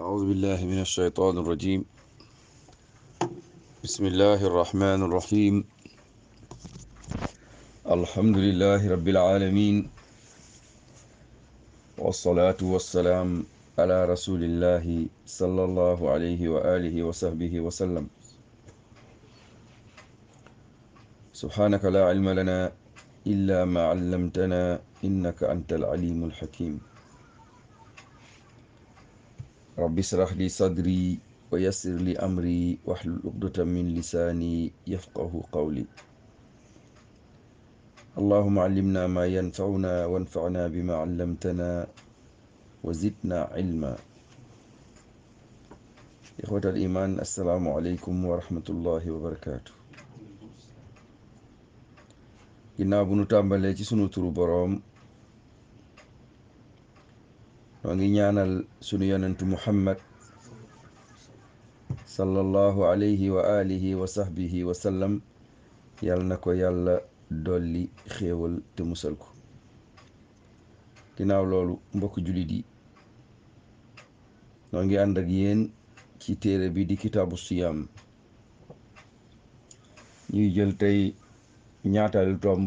أعوذ بالله من الشيطان الرجيم بسم الله الرحمن الرحيم الحمد لله رب العالمين والصلاة والسلام على رسول الله صلى الله عليه وآله وصحبه وسلم سبحانك لا علم لنا إلا ما علمتنا إنك أنت العليم الحكيم rabbi israh li sadri wa yassir li amri wahlul uqdatan min lisaani yafqahu qawli allahuma allimna ma yanfauna wanfana bima allamtana wa zidna ilma ixwat al iman assalaamu aleykum wa rahmatullahi wa barakaatu ginnaaw bu nu tàmbalee ci sunu turu boroom noo ngi ñaanal sunu yonentu muhammad sallallahu alayhi wa alihi wa sahbihi wa sallam yal na ko yàlla dolli xéewal te musal ko ginnaaw loolu mbokk jullit yi noo ngi yéen ci téere bi di kitaabu siyaam ñuy jël tey ñaataal tomb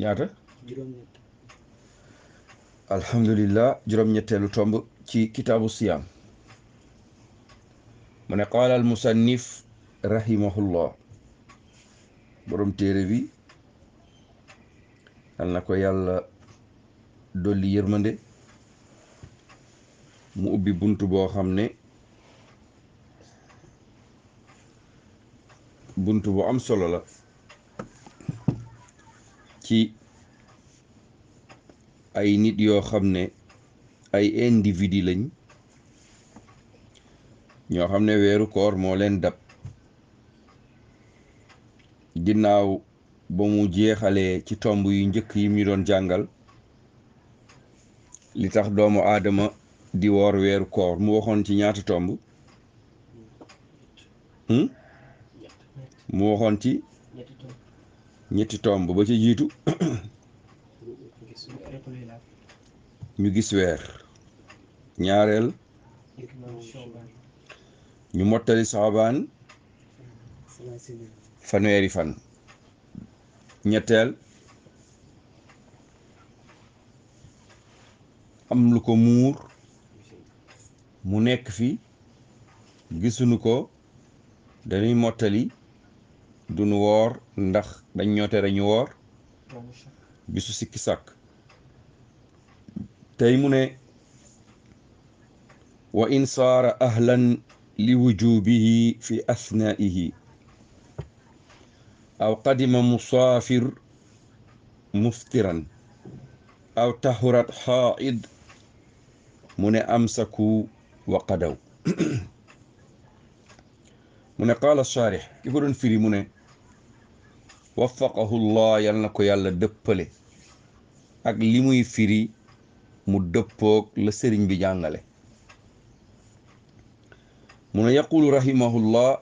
ñaata alhamdulillah juróom-ñetteelu tomb ci kitaabu siyaam mu ne qaala al musannif rahimahullah borom téere bi yal na ko yàlla dolli yërmande mu ubbi bunt boo xam ne bunt bu am solo la ci ay nit yoo xam ne ay individu lañ ñoo xam ne weeru koor moo leen dab ginnaaw ba mu jeexalee ci tomb yu njëkk yi ñu doon jàngal li tax doomu aadama di woor weeru koor mu waxoon ci ñaata tomb hmm? mu waxoon ñetti tomb ba ci jiitu ñu gis weer ñaareel ñu mottali saabaan fanweeri fan ñetteel am lu ko muur mu nekk fi gisuñu ko dañuy mottali duñu woor ndax dañ ñoo ñu woor bisu sikki tey mu ne wa in saara ahlan li wujubihi fi asnaihi aw qadima musaafir muftiran aw tahurat xaaid mu ne amsaku wa qadaw mu ne qaala saarix ki ko doon firi mu ne waffaqahullah yal na ko yàlla dëppale ak li muy firi mu dëppoog la sëriñ bi jàngale mu ne yaqulu rahimahullah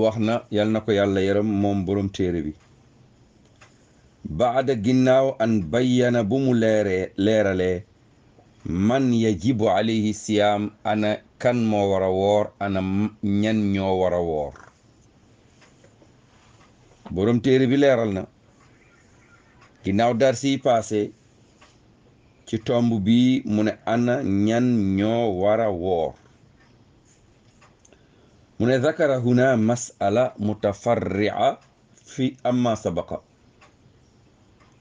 wax na yal na ko yàlla yaram moom borom téere bi baada ginnaaw an bayyana bu mu leeree leeralee man yajibu alayhi siyaam ana kan moo war a woor ana ñan ñoo war a woor boroom téere bi leeral na ginnaaw dar siy paase ci tomb bi mu ne ana ñan ñoo war a woor mu ne zakara huna masala mutafarria fi amma sabaqa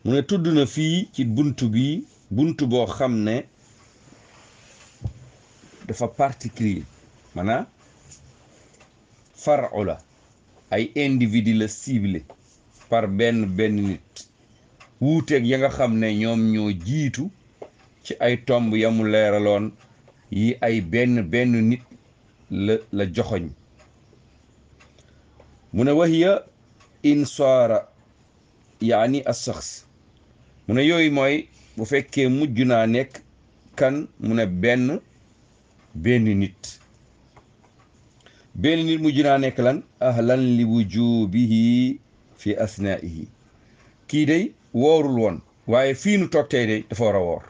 mu ne tudd na fii ci bunt bi bunt boo xam ne dafa particulier maanaam far'u la ay individu la ciblé par benn benn nit wuuteeg ya nga xam ne ñoom ñoo jiitu ci ay tomb yamu leeraloon yi ay benn benn nit la la joxoñ mu ne wahiya insaara yaani asaxs mu ne yooyu mooy bu fekkee mujj naa nekk kan mu ne benn benn nit benn nit mujj naa nekk lan ahlan li wujubihi fi asnaihi kii day woorul woon waaye fii nu toog tey dafa war a woor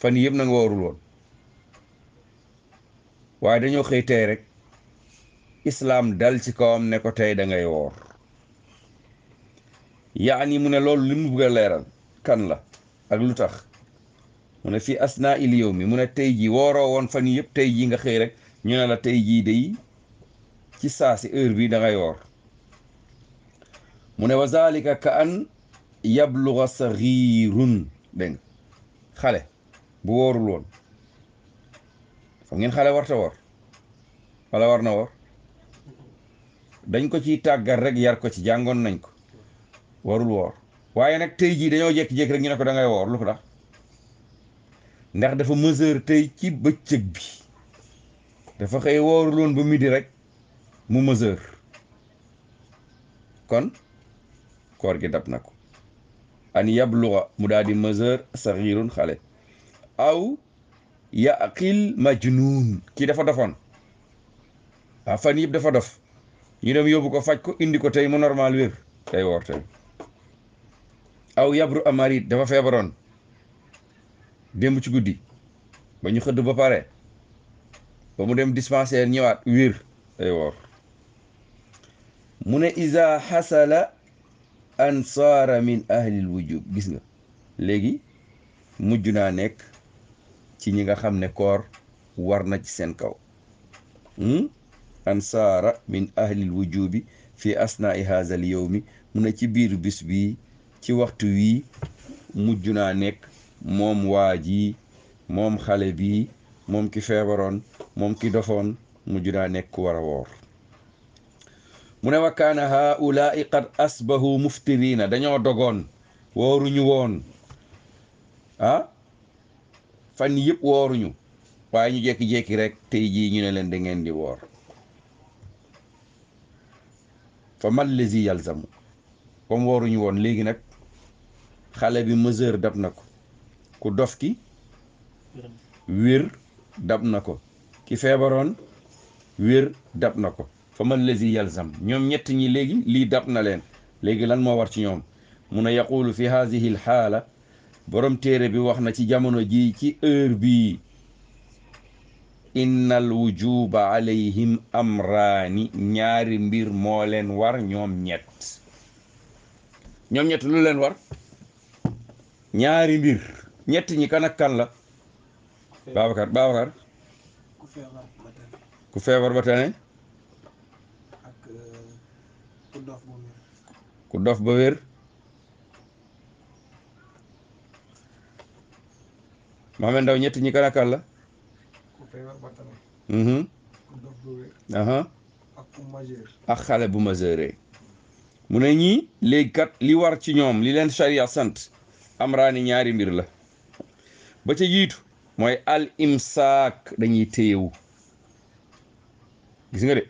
fan yëpp na nga woorul woon waaye dañoo xëy tey rek islaam dal ci kawam ne ko tey dangay woor woor yaani mu ne loolu li mu bëgg leeral kan la ak lu tax mu ne fii asnaa il yow mi mu ne tey ji wooroo woon fan yëpp tey ji nga xëy rek ñu ne la tey jii day ci saa si heure bi dangay nga mu ne wa zalika ka an yabluga saxiirun dégg xale bu woorul woon xam ngeen xale warta woor walla war na woor dañ ko ci tàggat rek yar ko ci jàngoon nañ ko warul woor waaye nag tey jii dañoo jékki-jékki rek ñu ne ko da woor lu ko ndax dafa mesure tey ci bëccëg bi dafa xëy wóorul woon ba midi rek mu mesure kon koor gi dab na ko an yabluga mu daal di mesure saxiirun xale aw yaqil majnuun kii dafa dofoon waa ah, fan yëpp dafa dof ñu dem yóbbu ko faj ko indi ko tey mu normal wér tey woor tey aw yabru amarit dafa feebaroon démb ci guddi ba ñu xëdd ba pare ba mu dem dispensaire ñëwaat wir ne isa xasala an saara min ahlil wujub gis nga léegi mujj naa nekk ci ñi nga xam ne koor war na ci seen kaw hmm? an saara min ahlil wujubi fi asnaai haza al yowmi mu ne ci biir bis bi ci waxtu wii mujj naa nekk moom waa moom xale bi moom ki feebaroon moom ki dofoon mujj daa nekk ku war a woor mu ne wa kaana haulaai qad asbahu muftiriina dañoo dogoon wooruñu woon ah fan yëpp wooruñu waaye ñu jékki-jékki rek tey jii ñu ne leen da ngeen di woor fa man lazi yalzamu comme wooruñu woon léegi nag xale bi mesure dab na ko ku dof ki wér dab na ko ki feebaroon wér dab na ko fa man lazi yalzam ñoom ñett ñi léegi lii dab na leen léegi lan moo war ci ñoom mun a yaqulu fi haadihi l xaala borom téere bi wax na ci jamono ji ci heure bii innal wujuba alayhim amraani ñaari mbir moo leen war ñoom ñett ñoom ñett lu leen war ñaari mbir ñett ñi kan kan la Babacar Babacar ku feebar ba tane ku ba tane ak euh, ku dof ba wér ku dof Ndaw ñett ñi kan la mhm. ak xale bu majeure mu ne ñi léegi li war ci ñoom li leen charia sant amraani ñaari mbir la ba ca jiitu mooy al imsaak dañuy téyewu gis nga de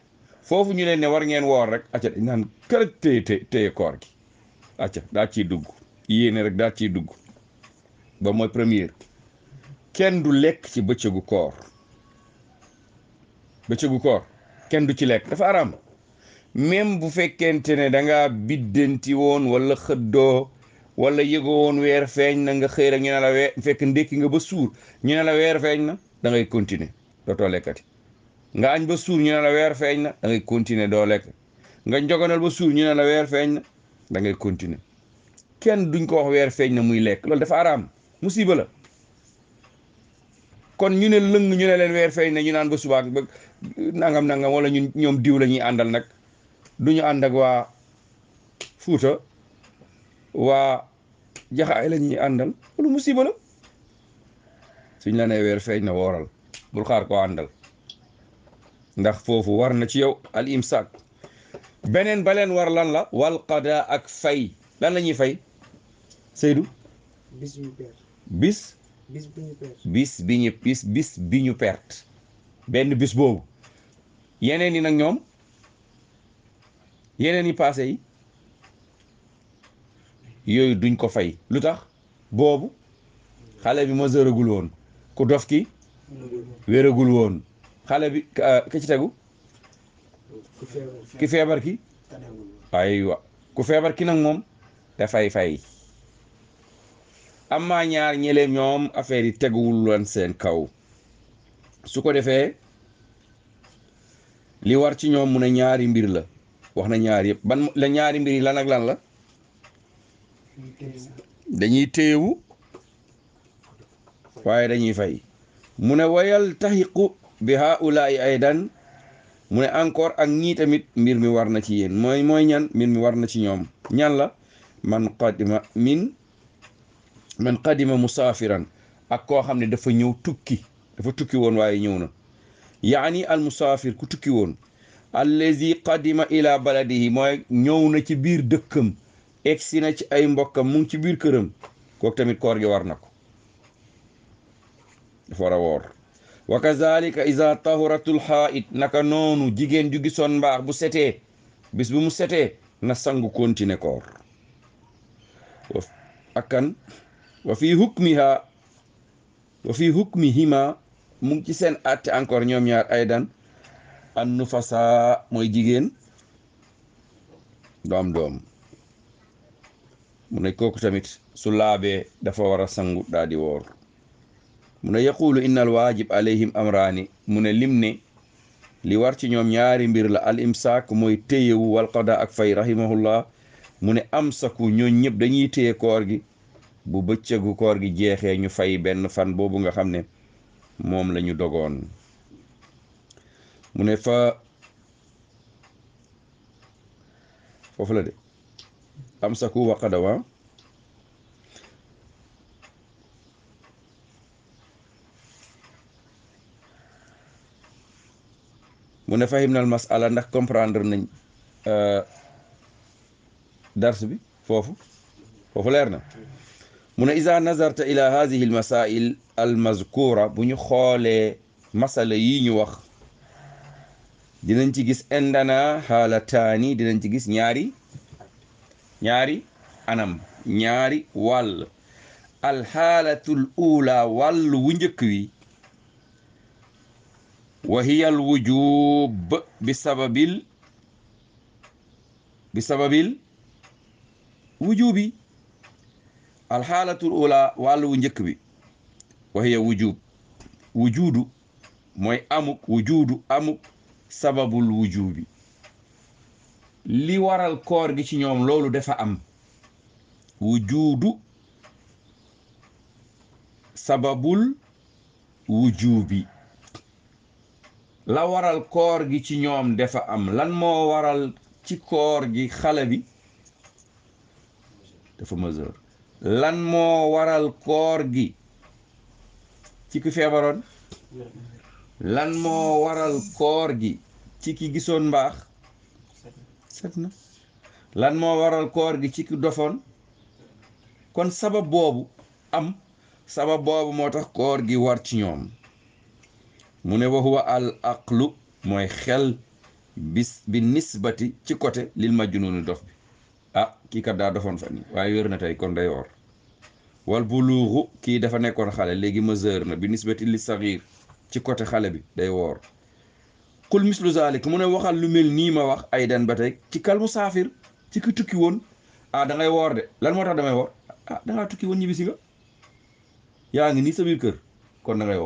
foofu ñu leen ne war ngeen woor rek acca dañ naan kër téye téye koor gi acca daa ci dugg yéene rek daa ci dugg ba mooy première kenn du lekk ci bëccëgu koor bëccëgu koor kenn du ci lekk dafa araam même bu fekkente ne da ngaa biddanti woon wala xëddoo wala yëgoo woon weer feeñ na nga xëy rek ñu ne la weer fekk ndékki nga ba suur ñu weer feeñ na da ngay continuer dootoo lekkati nga añ ba suur ñu ne la weer feeñ na da ngay continuer doo lekk ba suur ñu ne la weer feeñ da ngay continuer kenn duñ ko wax weer feeñ na muy lekk loolu dafa araam musiba la kon ñu ne lëng ñu ne leen weer feeñ na ñu naan ba subaak ba nangam nangam wala ñu ñoom diw la ñuy àndal nag du ñu ànd waa Fuuta waa jaxaay la ñuy àndal lu musiba la suñ la nee weer feeñ na wooral bul xaar ko àndal ndax foofu war na ci yow al imsaak beneen ba leen war lan la wal ak fay lan la ñuy fay Seydou bis bi ñu perte bis bis bis bi perte benn bis boobu yeneen yi nag ñoom yeneen yi passé yi yooyu duñ ko fay lu tax boobu xale bi majeuragul woon ku dof ki wéragul woon xale bi ki ci tegu ki feebar ki aywa ku feebar ki nag moom dafay fay maa ñaar ñële ñoom affaire yi teguwul woon seen kaw su ko defee li war ci ñoom mu ne ñaari mbir la wax na ñaar yëpp ban la ñaari mbir yi lan ak lan la dañuy téyewu waaye dañuy fay mu ne wayal taxiqu bi haulaai aydan mu ne encore ak ñii tamit mbir mi war na ci yéen mi war na ci ñoom ñan la man qadima min man qadima musaafiran ak koo xam ne dafa ñëw tukki dafa tukki woon waaye ñëw na yaani al musaafir ku tukki woon allazi qadima ila baladihi mooy ñëw na ci biir dëkkam egsi na ci ay mbokkam mu ngi ci biir këram kooku tamit koor gi war na ko dafa war a woor wa kazalika iza tahuratul xaait naka noonu jigéen ju gisoon mbaax bu sete bis bu mu setee na sangu kontine koor akkan wa fi hukmiha wa fi hukmihima mu ngi ci seen àtte encore ñoom ñaar aydan an nufasa mooy jigéen doom doom mu ne kooku tamit su laabee dafa war a sangu daa di woor mu ne yaquulu inna al waajib alayhim amraani mu ne lim ne li war ci ñoom ñaari mbir la al imsaak mooy téyewu wal qada ak fay rahimahullah mu ne amsaku ñoo ñëpp dañuy téye koor gi bu bëccëgu koor gi jeexee ñu fay benn fan boobu nga xam ne moom la ñu dogoon ne fa de amsaku waqadawa mu ne fahim nal ndax comprendre nañ euh, dars bi foofu foofu leer na mu ne isa nazarta ila hadihi al masail al mazkura bu ñu xoolee masala yi ñu wax dinañ ci gis indana xaalataani dinañ ci gis ñaari ñaari anam ñaari wàll alxaalatul uula wàll wu njëkk wi wa hiya al wujub bi sababil bi sababil wujubi alxaalatul wu njëkk bi wa hiya wujub wujudu mooy amuk wujudu amuk sababul wujubi li waral koor gi ci ñoom loolu dafa am wujudu sababul wujubi la waral koor gi ci ñoom dafa am lan moo waral ci koor gi xale bi dafa majeur lan moo waral koor gi ci ki feebaroon lan moo waral koor gi ci ki gisoon mbaax na lan moo waral koor gi ci ki dofoon kon sabab boobu am sabab boobu moo tax koor gi war ci ñoom mu ne wa huwa al mooy xel bis bi nisbati ci côté lil noonu dof bi ah kii kat daa dofoon fan yi waaye wér na tey kon day woor wal buluuxu kii dafa nekkoon xale léegi majeur na bi nisbati li saxiir ci côté xale bi day woor qul mislu zalik mu ne waxal lu mel nii ma wax ay den ba tey ci kalmu saafir ci ki tukki woon ah da woor de lan moo tax damay woor ah tukki woon ñibbisi nga yaa ngi nii sa kër kon da ngay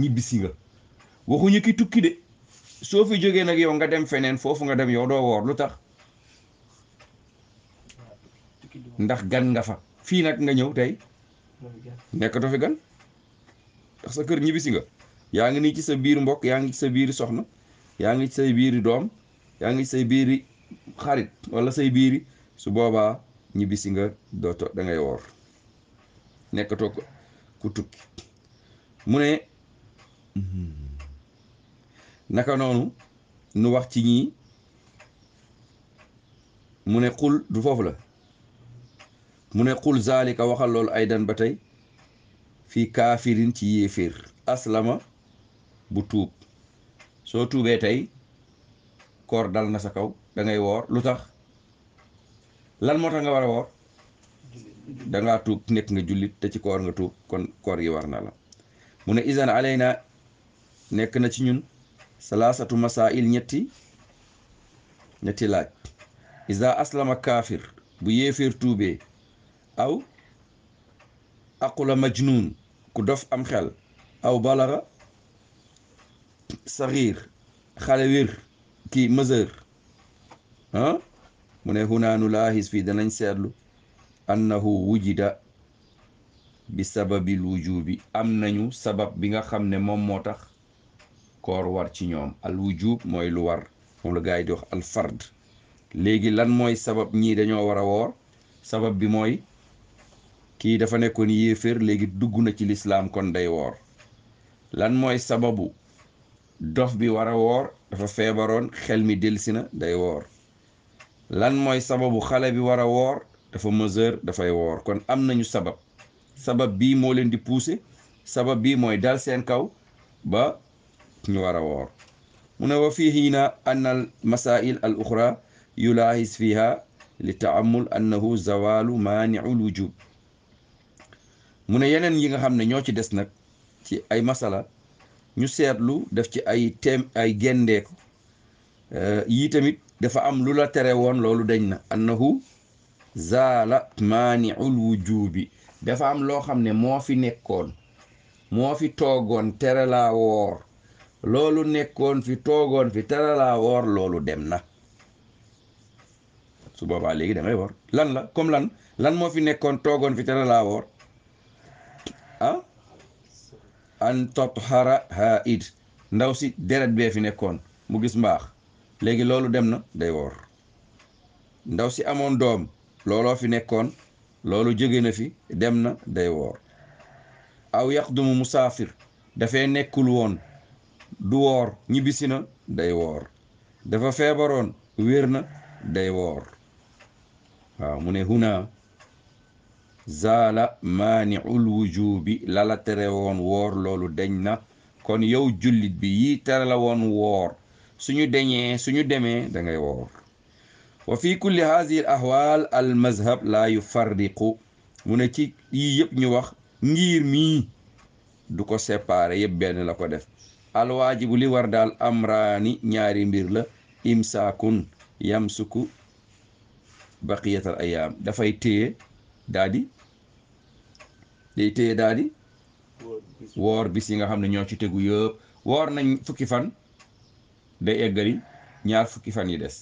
ñibbisi nga waxuñu ki tukki de soo fi jógee nag yow nga dem feneen foofu nga dem yow doo woor lu tax ndax gan nga fa fii nag nga ñëw tey nekkatoo fi gan ndax sa kër ñibbisi nga yaa ngi nii ci sa biir mbokk yaa ngi ci sa biir soxna yaa ngi ci say biiri doom yaa ngi ci say biiri xarit wala say biiri su boobaa ñibbisi nga dooto dangay ngay woor nekkatoo ko ku tukki mu ne naka noonu nu wax ci ñii mu ne xul du foofu la mu ne xul zaalika waxal loolu aydan ba tey fii kaafirin ci yéeféer aslama bu tuub soo tuubee tey koor dal na sa kaw dangay ngay woor lu tax lan moo tax nga war a woor dangaa tuub nekk nga jullit te ci koor nga tuub kon koor yi war na la mu ne isan na nekk na ci ñun salaasatu masail ñetti ñetti laaj isa aslama kaafir bu yéeféer tuubee aw aqula majnuun ku dof am xel aw balara saxiir xale wir kii meseur ah mu ne huna laaxis fii danañ seetlu annahu wujida bi sababil wujubi am nañu sabab bi nga xam ne moom moo tax koor war ci ñoom al wujub mooy lu war moom la gars di wax al fard léegi lan mooy sabab ñii dañoo war a woor sabab bi mooy kii dafa nekkoon yéeféer léegi dugg na ci lislaam kon day woor lan mooy sababu dof bi war a woor dafa feebaroon xel mi delsi na day woor lan mooy sababu xale bi war a woor dafa mesure dafay woor kon am nañu sabab sabab bii moo leen di pousser sabab bi mooy dal seen kaw ba ñu war a woor mu ne wa fii hiina ann al masail al oxra yulaahis fiha li taamul annahu zawalu maaniul wujub mu ne yeneen yi nga xam ne ñoo ci des nag ci ay masala ñu seetlu def ci ay teem ay gendeeku euh, yii tamit dafa am lu la tere woon loolu dañ na annahu zaala maaniul wujubi dafa am loo xam ne moo fi nekkoon moo fi toogoon tere laa woor loolu nekkoon fi toogoon fi tere laa woor loolu dem na su boobaa léegi da ngay woor lan la comme lan lan moo fi nekkoon toogoon fi tere laa woor ah? an tothara ha id ndaw si deret bee fi nekkoon mu gis mbaax léegi loolu dem na day woor ndaw si amoon doom looloo fi nekkoon loolu jóge na fi dem na day woor aw yaxdumu musaafir dafay nekkul woon du woor ñibbisi na day woor dafa feebaroon wér na day woor waaw mu ne huna zaala maaniul wujubi lala tere woon woor loolu deñ na kon yow jullit bi yi tere la woon woor suñu deñee suñu demee dangay ngay woor wa fi kulli haadihi al ahwal laa yufarriqu mu ne ci yii yëpp ñu wax ngir mii du ko séparé yëpp benn la ko def alwaajibu li war daal amraani ñaari mbir la imsaakun yamsuku baqiyatal ayaam dafay téye daal day téye daal woor bis yi nga xam ne ñoo ci tegu yëpp woor nañ fukki fan day eggali ñaar fukki fan yi des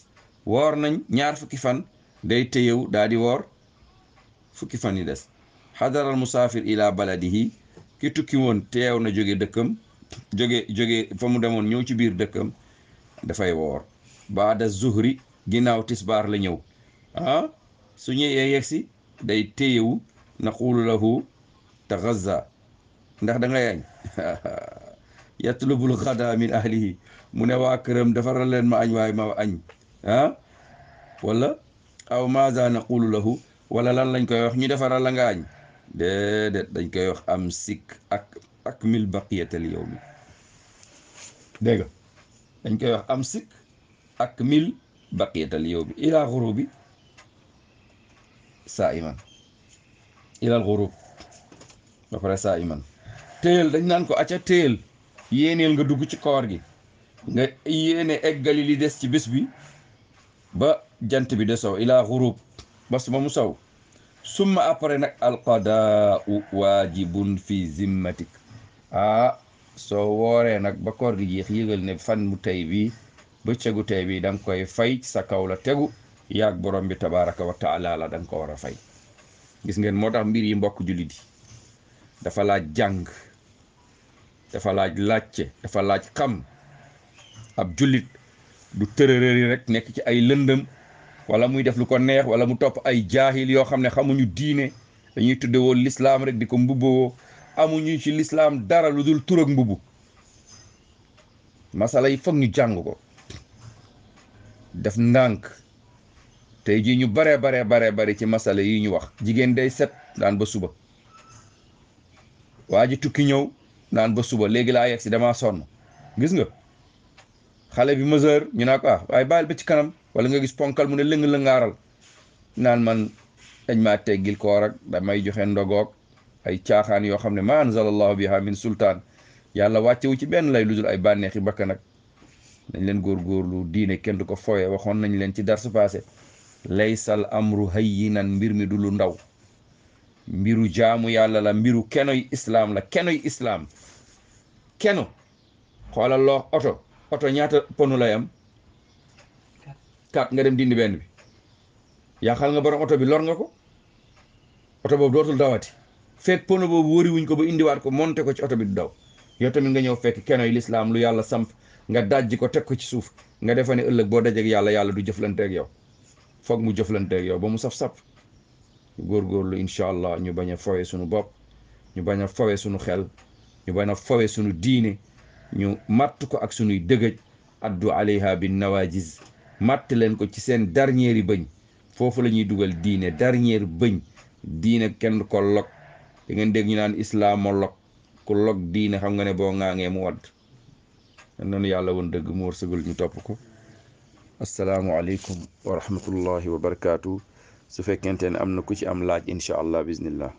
woor nañ ñaar fukki fan day téyew daal woor fukki fan yi des xadaral musaafir ila baladihi ki tukki woon teew na jóge dëkkam jóge jóge fa mu demoon ñëw ci biir dëkkam dafay woor baada zuhri ginnaaw tisbaar la ñëw ah su ñëwee yegsi day téyewu naqulu lahu taxaza ndax da nga yaañ yatlubul xada mu ne waa këram defaral leen ma añ waaye ma añ wala aw maza naqulu lahu wala lan lañ koy wax ñu defaral la nga añ déedéet dañ koy wax am sikk ak akmil baqiyatal yawmi dégg nga koy wax am sikk akmil baqiyatal yawmi ila xurubi saa ila al ba pare saa iman téyel dañ naan ko acca téyel yéeneel nga dugg ci koor gi nga yéene eggali li des ci bés bi ba jant bi de sow ilaa xurub ba suma mu sow summa après nag alqadaau waajibun fi zimmatik ah soo wooree nag ba koor gi jeex yëgal ne fan mu tey bi bëccëgu tey bi da nga koy fay sa kawla tegu yaag borom bi tabaraka wa taala la da nga ko war a fay gis ngeen moo tax mbir yi mbokk jullit yi dafa laaj jàng dafa laaj laajte dafa laaj xam ab jullit du tërërëri rekk nekk ci ay lëndëm wala muy def lu ko neex wala mu topp ay jaahil yoo xam ne xamuñu diine dañuy woon lislaam rek di ko mbubboo amuñu ci lislaam dara lu dul tur ak mbubbu masala yi foog ñu jàng ko def ndànk tey jii ñu bare bare bare bare ci masala yi ñu wax jigéen day set daan ba suba waa ji tukki ñëw naan ba suba léegi laa yegg si damaa sonn gis nga xale bi mesure ñu naa ko ah waaye bàyyil ba ci kanam wala nga gis ponkal mu ne lëng-lëngaaral naan man dañ maa teggil koorak damay joxe ndogook ay caaxaan yoo xam ne ma bi biha min sultaan yàlla wàccewu ci benn lay lu dul ay bànneexi bakkan nag nañ leen góor góorgóorlu diine kenn du ko fooye waxoon nañ leen ci darsu passé laysal amru hayyinan mbir mi du lu ndaw mbiru jaamu yàlla la mbiru kenoy islaam la kenoy islaam keno xoolal loo oto oto ñaata ponu lay am kat nga dem dindi benn bi yaaxal nga borom oto bi lor nga ko oto boobu dootul dawati fekk pono boobu wóori wuñ ko ba indiwaat ko monte ko ci oto bi du daw yow tamit nga ñëw fekk kenoy lislaam lu yàlla samp nga dajji ko teg ko ci suuf nga defa ne ëllëg boo dajeek yàlla yàlla du jëflanteeg yow foog mu jëflanteeg yow ba mu saf-saf góor góorgóorlu incha allah ñu bañ a fawee suñu bopp ñu bañ a fawee suñu xel ñu bañ a fawee suñu diine ñu màtt ko ak suñuy dëgëj addu alayha bin nawaajiz matt leen ko ci seen dernier yi bëñ foofu la ñuy dugal diine dernier bëñ diine kenn ko log ngeen dégg ñu naan islaamolog ku log diine xam nga ne boo ŋaangee mu wadd nanu yàlla woon dëgg mu wërsëgal ñu topp ko asalaamualeykum wa rahmatullahi wa barakaatu. su fekkente ne am na ku ci am laaj incha allah bismillah